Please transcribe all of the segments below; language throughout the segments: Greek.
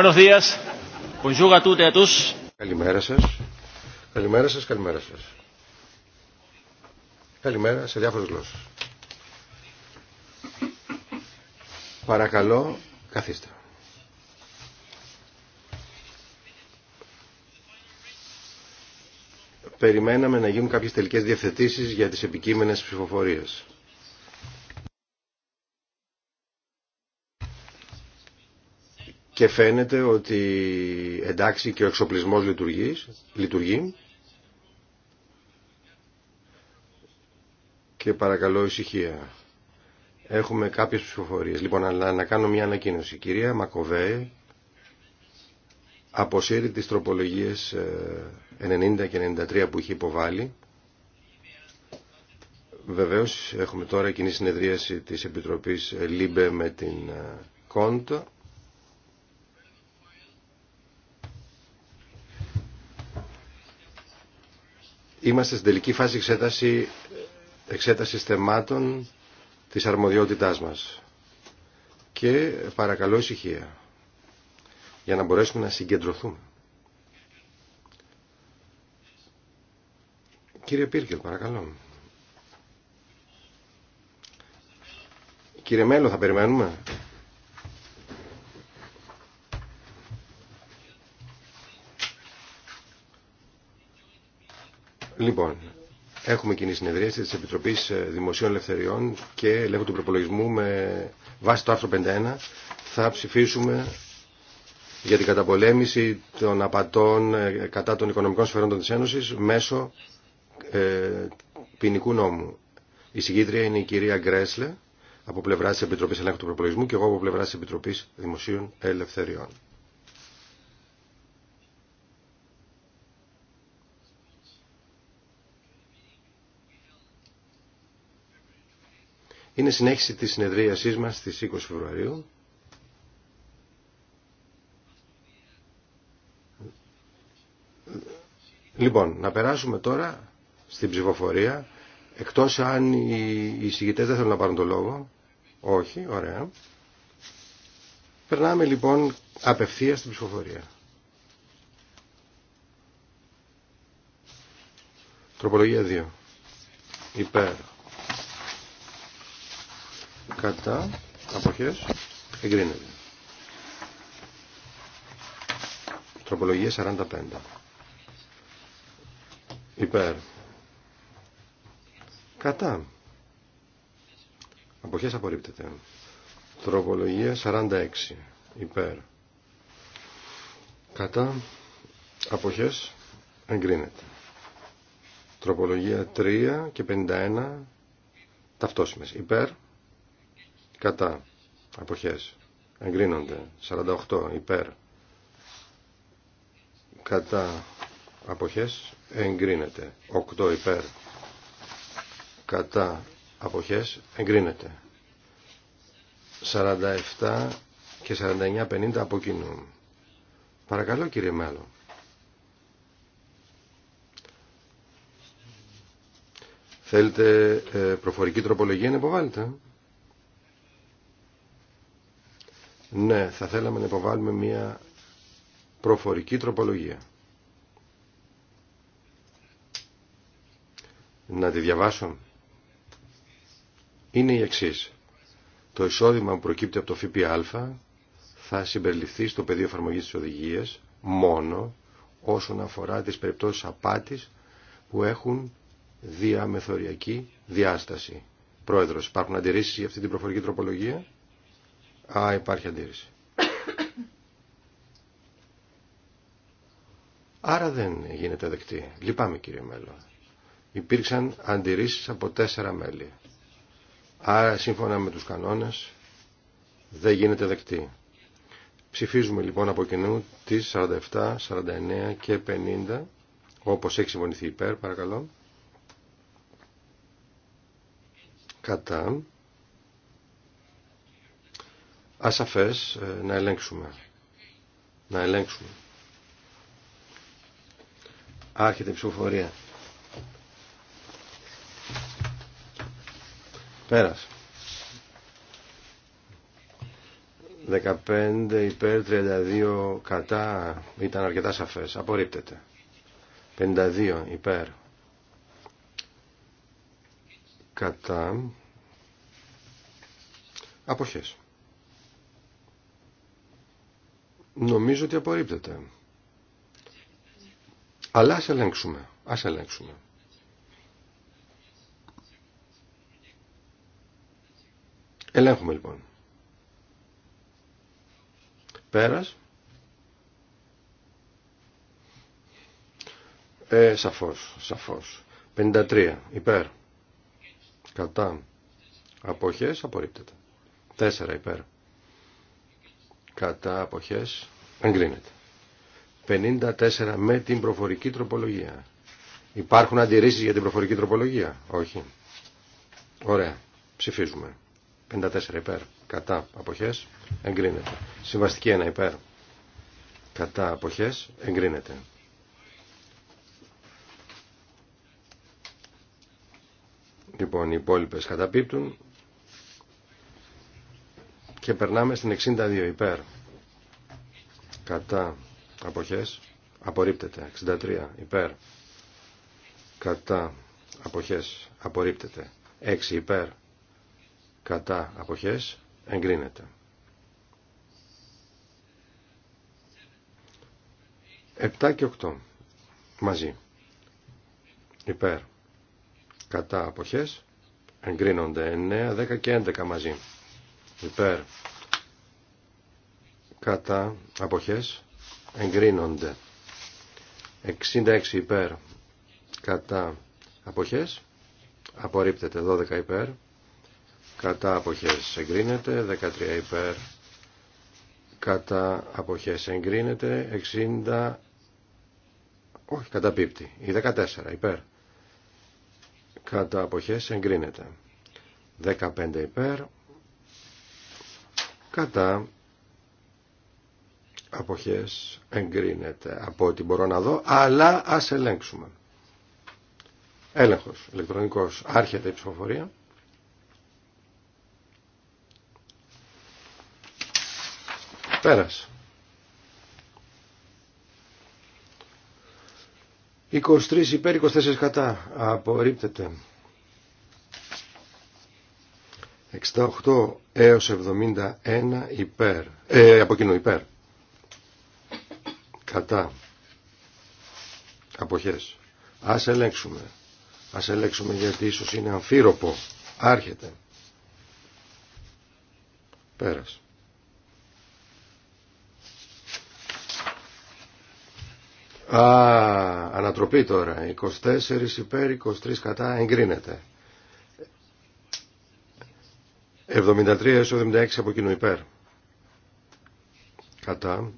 E καλημέρα σας. Καλημέρα σας, καλημέρα σας. Καλημέρα σε διάφορες γλώσσες. Παρακαλώ, καθίστε. Περιμέναμε να γίνουν κάποιες τελικές διευθετήσεις για τις επικείμενες ψηφοφορίες. και φαίνεται ότι εντάξει και ο εξοπλισμός λειτουργεί, και παρακαλώ ησυχία. Έχουμε κάποιες ψηφοφορίες. Λοιπόν, αλλά να κάνω μια ανακοίνωση. κυρία Μακοβέ αποσύρει τις τροπολογίες 90 ε, και 93 που είχε υποβάλει. Βεβαίως έχουμε τώρα κοινή συνεδρίαση της Επιτροπής ε, ΛΥΜΠΕ με την ε, ΚΟΝΤ. Είμαστε στην τελική φάση εξέταση, εξέτασης θεμάτων της αρμοδιότητάς μας. Και παρακαλώ ησυχία για να μπορέσουμε να συγκεντρωθούμε. Κύριε Πίρκελ, παρακαλώ. Κύριε Μέλλο, θα περιμένουμε. Λοιπόν, έχουμε κοινή συνεδρίαση της Επιτροπής ε, Δημοσίων Ελευθεριών και ελέγχου του προπολογισμού με βάση το άρθρο 51 θα ψηφίσουμε για την καταπολέμηση των απατών ε, κατά των οικονομικών συμφερόντων της Ένωσης μέσω ε, ποινικού νόμου. Η συγκίτρια είναι η κυρία Γκρέσλε από πλευρά τη Επιτροπή Ελέγχου του Προπολογισμού και εγώ από πλευρά τη Επιτροπή Δημοσίων Ελευθεριών. Είναι συνέχιση της συνεδρίασής μας στις 20 Φεβρουαρίου. Λοιπόν, να περάσουμε τώρα στην ψηφοφορία, εκτός αν οι εισηγητές δεν θέλουν να πάρουν το λόγο. Όχι, ωραία. Περνάμε λοιπόν απευθείας στην ψηφοφορία. Τροπολογία 2. Υπέρ κατά αποχές εγκρίνεται. Τροπολογία 45. Υπέρ. Κατά. Αποχές απορρίπτεται. Τροπολογία 46. Υπέρ. Κατά. Αποχές εγκρίνεται. Τροπολογία 3 και 51 ταυτόσιμες. Υπέρ κατά αποχές εγκρίνονται 48 υπέρ κατά αποχές εγκρίνεται 8 υπέρ κατά αποχές εγκρίνεται 47 και 49-50 από κοινού παρακαλώ κύριε Μέλλο. θέλετε ε, προφορική τροπολογία να υποβάλλετε Ναι, θα θέλαμε να υποβάλουμε μια προφορική τροπολογία. Να τη διαβάσω. Είναι η εξή. Το εισόδημα που προκύπτει από το ΦΠΑ θα συμπεριληφθεί στο πεδίο εφαρμογή τη οδηγία μόνο όσον αφορά τις περιπτώσει απάτης που έχουν διαμεθοριακή διάσταση. Πρόεδρος, υπάρχουν αντιρρήσεις για αυτή την προφορική τροπολογία. Α, υπάρχει αντίρρηση. Άρα δεν γίνεται δεκτή. Λυπάμαι κύριε μέλο. Υπήρξαν αντιρρήσεις από τέσσερα μέλη. Άρα σύμφωνα με τους κανόνες δεν γίνεται δεκτή. Ψηφίζουμε λοιπόν από κοινού τις 47, 49 και 50 όπως έχει συμφωνηθεί υπέρ παρακαλώ. Κατά ασαφές ε, να ελέγξουμε. Να ελέγξουμε. Άρχεται η ψηφοφορία. Πέρασε. 15 υπέρ 32 κατά ήταν αρκετά σαφές. Απορρίπτεται. 52 υπέρ κατά αποχές. Νομίζω ότι απορρίπτεται. Αλλά ας ελέγξουμε. Ας ελέγξουμε. Ελέγχουμε λοιπόν. Πέρας. Ε, σαφώς, σαφώς. 53, υπέρ. Κατά. Αποχές, απορρίπτεται. 4, υπέρ κατά αποχές εγκρίνεται. 54 με την προφορική τροπολογία. Υπάρχουν αντιρρήσεις για την προφορική τροπολογία. Όχι. Ωραία. Ψηφίζουμε. 54 υπέρ. Κατά αποχές εγκρίνεται. Συμβαστική 1 υπέρ. Κατά αποχές εγκρίνεται. Λοιπόν, οι υπόλοιπε καταπίπτουν και περνάμε στην 62 υπέρ. Κατά αποχές απορρίπτεται. 63 υπέρ. Κατά αποχές απορρίπτεται. 6 υπέρ. Κατά αποχές εγκρίνεται. 7 και 8 μαζί. Υπέρ. Κατά αποχές εγκρίνονται. 9, 10 και 11 μαζί υπέρ κατά αποχές εγκρίνονται 66 υπέρ κατά αποχές απορρίπτεται 12 υπέρ κατά αποχές εγκρίνεται 13 υπέρ κατά αποχές εγκρίνεται 60 όχι καταπίπτει η 14 υπέρ κατά αποχές εγκρίνεται 15 υπέρ κατά αποχές εγκρίνεται από ό,τι μπορώ να δω, αλλά ας ελέγξουμε. Έλεγχος ηλεκτρονικός. Άρχεται η ψηφοφορία. Πέρασε. 23 υπέρ 24 κατά. Απορρίπτεται. 68 έως 71 υπέρ. Ε, από κοινού υπέρ. Κατά. Αποχές. Ας ελέγξουμε. Ας ελέγξουμε γιατί ίσως είναι αμφίροπο. Άρχεται. Πέρας. Α, ανατροπή τώρα. 24 υπέρ, 23 κατά εγκρίνεται. 73 έως 76 από κοινού υπέρ. Κατά.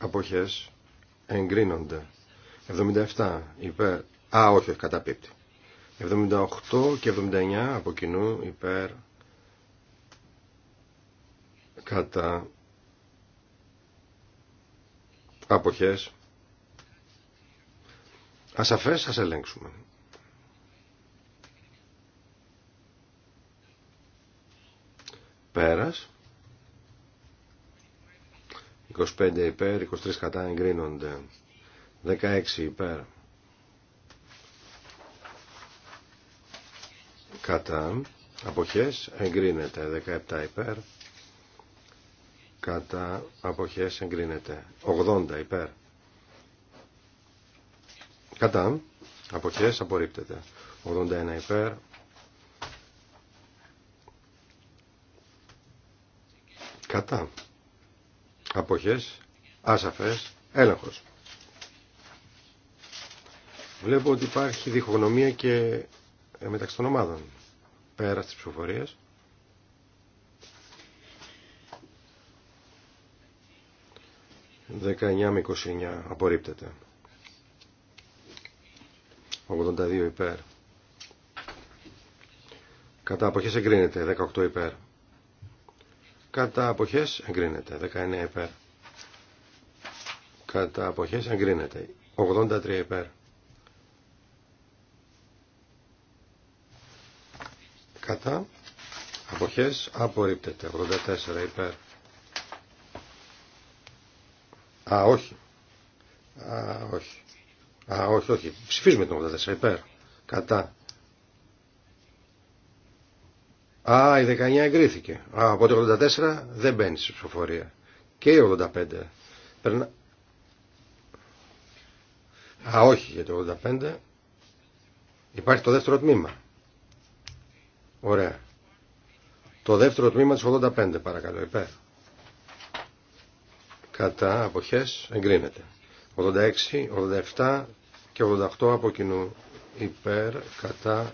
Αποχές. Εγκρίνονται. 77 υπέρ. Α, όχι, καταπίπτει. 78 και 79 από κοινού υπέρ. Κατά. Αποχές. Ασαφές, ας ελέγξουμε. Πέρας. 25 υπέρ, 23 κατά εγκρίνονται. 16 υπέρ. Κατά. Αποχές εγκρίνεται. 17 υπέρ. Κατά. Αποχές εγκρίνεται. 80 υπέρ. Κατά. Αποχές απορρίπτεται. 81 υπέρ. Κατά. Αποχές. Άσαφες. Έλεγχος. Βλέπω ότι υπάρχει διχογνωμία και ε, μεταξύ των ομάδων. Πέρα στις ψηφοφορίες. Δεκαεννιά με 29 απορρίπτεται. 82 υπέρ. Κατά αποχές εγκρίνεται 18 υπέρ. Κατά αποχές εγκρίνεται. 19 υπέρ. Κατά αποχές εγκρίνεται. 83 υπέρ. Κατά αποχές απορρίπτεται. 84 υπέρ. Α, όχι. Α, όχι. Α, όχι, όχι. Ψηφίζουμε τον 84 υπέρ. Κατά Α, η 19 εγκρίθηκε. Α, από το 84 δεν μπαίνει στη ψηφοφορία. Και η 85. Α, όχι για το 85. Υπάρχει το δεύτερο τμήμα. Ωραία. Το δεύτερο τμήμα της 85 παρακαλώ υπέρ. Κατά αποχές εγκρίνεται. 86, 87 και 88 από κοινού υπέρ κατά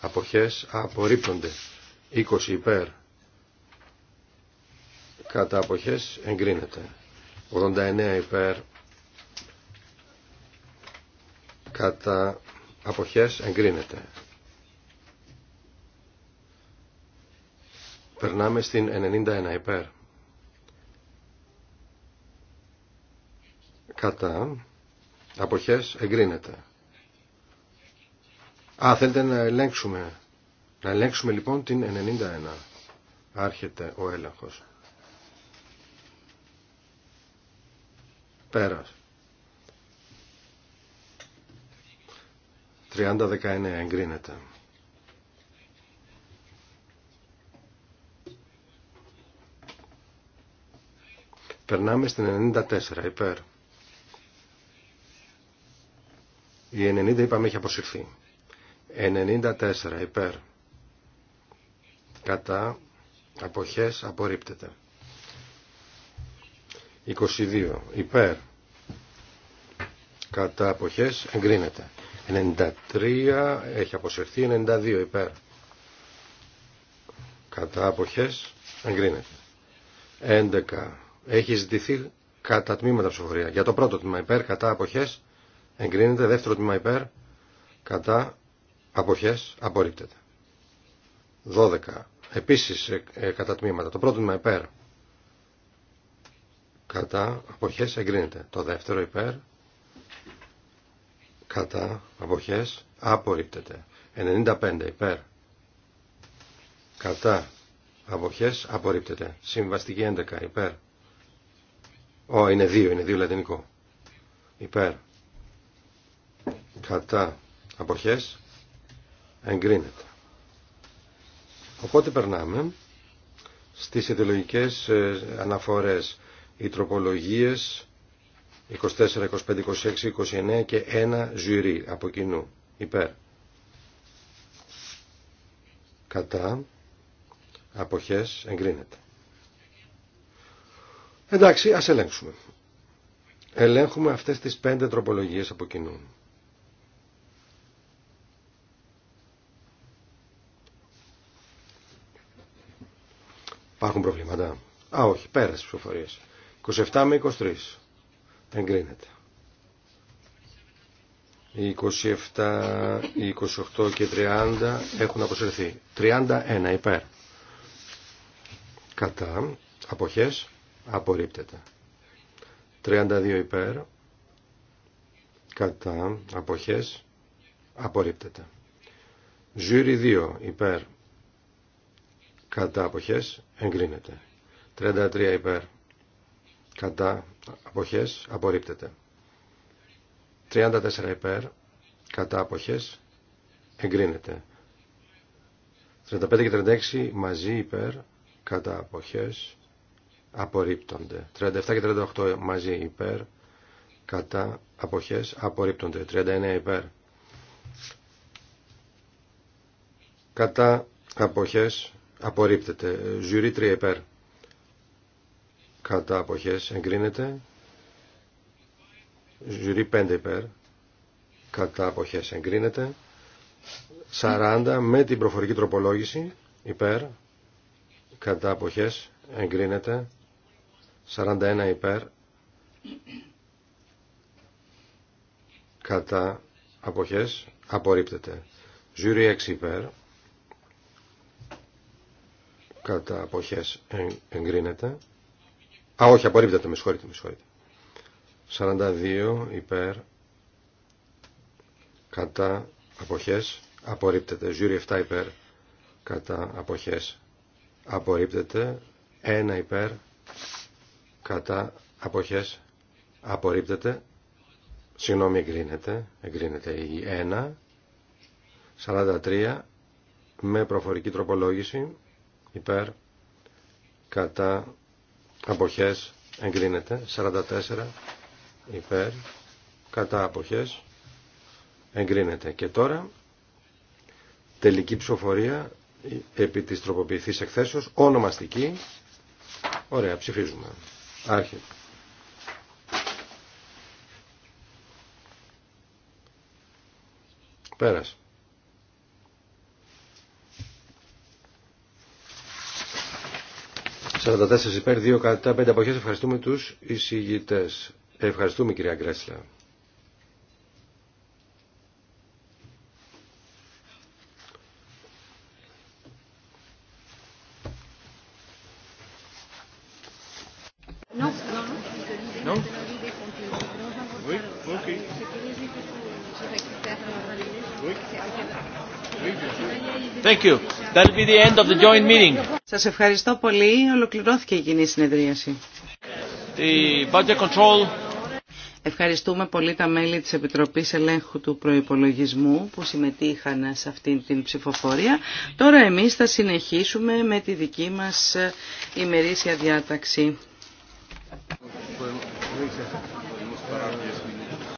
αποχές απορρίπτονται. 20 υπέρ κατά αποχές εγκρίνεται 89 υπέρ κατά αποχές εγκρίνεται περνάμε στην 91 υπέρ κατά αποχές εγκρίνεται Α, θέλετε να ελέγξουμε να ελέγξουμε λοιπόν την 91. Άρχεται ο έλεγχος. Πέρας. 30-19 εγκρίνεται. Περνάμε στην 94 υπέρ. Η 90 είπαμε έχει αποσυρθεί. 94 υπέρ κατά αποχές απορρίπτεται 22 υπέρ κατά αποχές εγκρίνεται 93 έχει αποσυρθεί 92 υπέρ κατά αποχές εγκρίνεται 11 έχει ζητηθεί κατά τμήματα ψηφοφορία για το πρώτο τμήμα υπέρ κατά αποχές εγκρίνεται δεύτερο τμήμα υπέρ κατά αποχές απορρίπτεται 12 Επίσης ε, ε, κατά τμήματα. Το πρώτο τμήμα υπέρ. Κατά αποχές εγκρίνεται. Το δεύτερο υπέρ. Κατά αποχές απορρίπτεται. 95 υπέρ. Κατά αποχές απορρίπτεται. Συμβαστική 11 υπέρ. Ω, είναι δύο, είναι δύο λατινικό. Υπέρ. Κατά αποχές εγκρίνεται. Οπότε περνάμε στις ιδεολογικές ε, αναφορές, οι τροπολογίες 24, 25, 26, 29 και ένα ζουρί από κοινού, υπέρ. Κατά, αποχές, εγκρίνεται. Εντάξει, ας ελέγξουμε. Ελέγχουμε αυτές τις πέντε τροπολογίες από κοινού. Υπάρχουν προβλήματα. Α, όχι, πέρα στις ψηφοφορίες. 27 με 23. Δεν Οι 27, οι 28 και 30 έχουν αποσυρθεί. 31 υπέρ. Κατά. Αποχές. Απορρίπτεται. 32 υπέρ. Κατά. Αποχές. Απορρίπτεται. Ζούρι 2 υπέρ κατά αποχές εγκρίνεται. 33 υπέρ κατά αποχές απορρίπτεται. 34 υπέρ κατά αποχές εγκρίνεται. 35 και 36 μαζί υπέρ κατά αποχές απορρίπτονται. 37 και 38 μαζί υπέρ κατά αποχές απορρίπτονται. 39 υπέρ κατά αποχές απορρίπτεται. Ζουρί 3 υπέρ. Κατά αποχές εγκρίνεται. Ζουρί 5 υπέρ. Κατά αποχές εγκρίνεται. 40 με την προφορική τροπολόγηση υπέρ. Κατά αποχές εγκρίνεται. 41 υπέρ. Κατά αποχές απορρίπτεται. Ζουρί 6 υπέρ κατά αποχές εγκρίνεται. Α, όχι, απορρίπτεται, με συγχωρείτε, με συγχωρείτε. 42 υπέρ κατά αποχές απορρίπτεται. Ζούρι 7 υπέρ κατά αποχές απορρίπτεται. 1 υπέρ κατά αποχές απορρίπτεται. Συγγνώμη, εγκρίνεται. Εγκρίνεται η 1. 43 με προφορική τροπολόγηση υπέρ κατά αποχές εγκρίνεται 44 υπέρ κατά αποχές εγκρίνεται και τώρα τελική ψηφοφορία ε, επί της τροποποιηθής εκθέσεως ονομαστική ωραία ψηφίζουμε άρχι. πέρασε 44 υπέρ, 2 κατά, 5 αποχές. Ευχαριστούμε τους εισηγητές. Ευχαριστούμε κυρία Γκρέσλα. Thank you. be the end of the joint meeting. Σας ευχαριστώ πολύ. Ολοκληρώθηκε η κοινή συνεδρίαση. The budget control. Ευχαριστούμε πολύ τα μέλη της Επιτροπής Ελέγχου του Προϋπολογισμού που συμμετείχαν σε αυτήν την ψηφοφορία. Τώρα εμείς θα συνεχίσουμε με τη δική μας ε, ημερήσια διάταξη.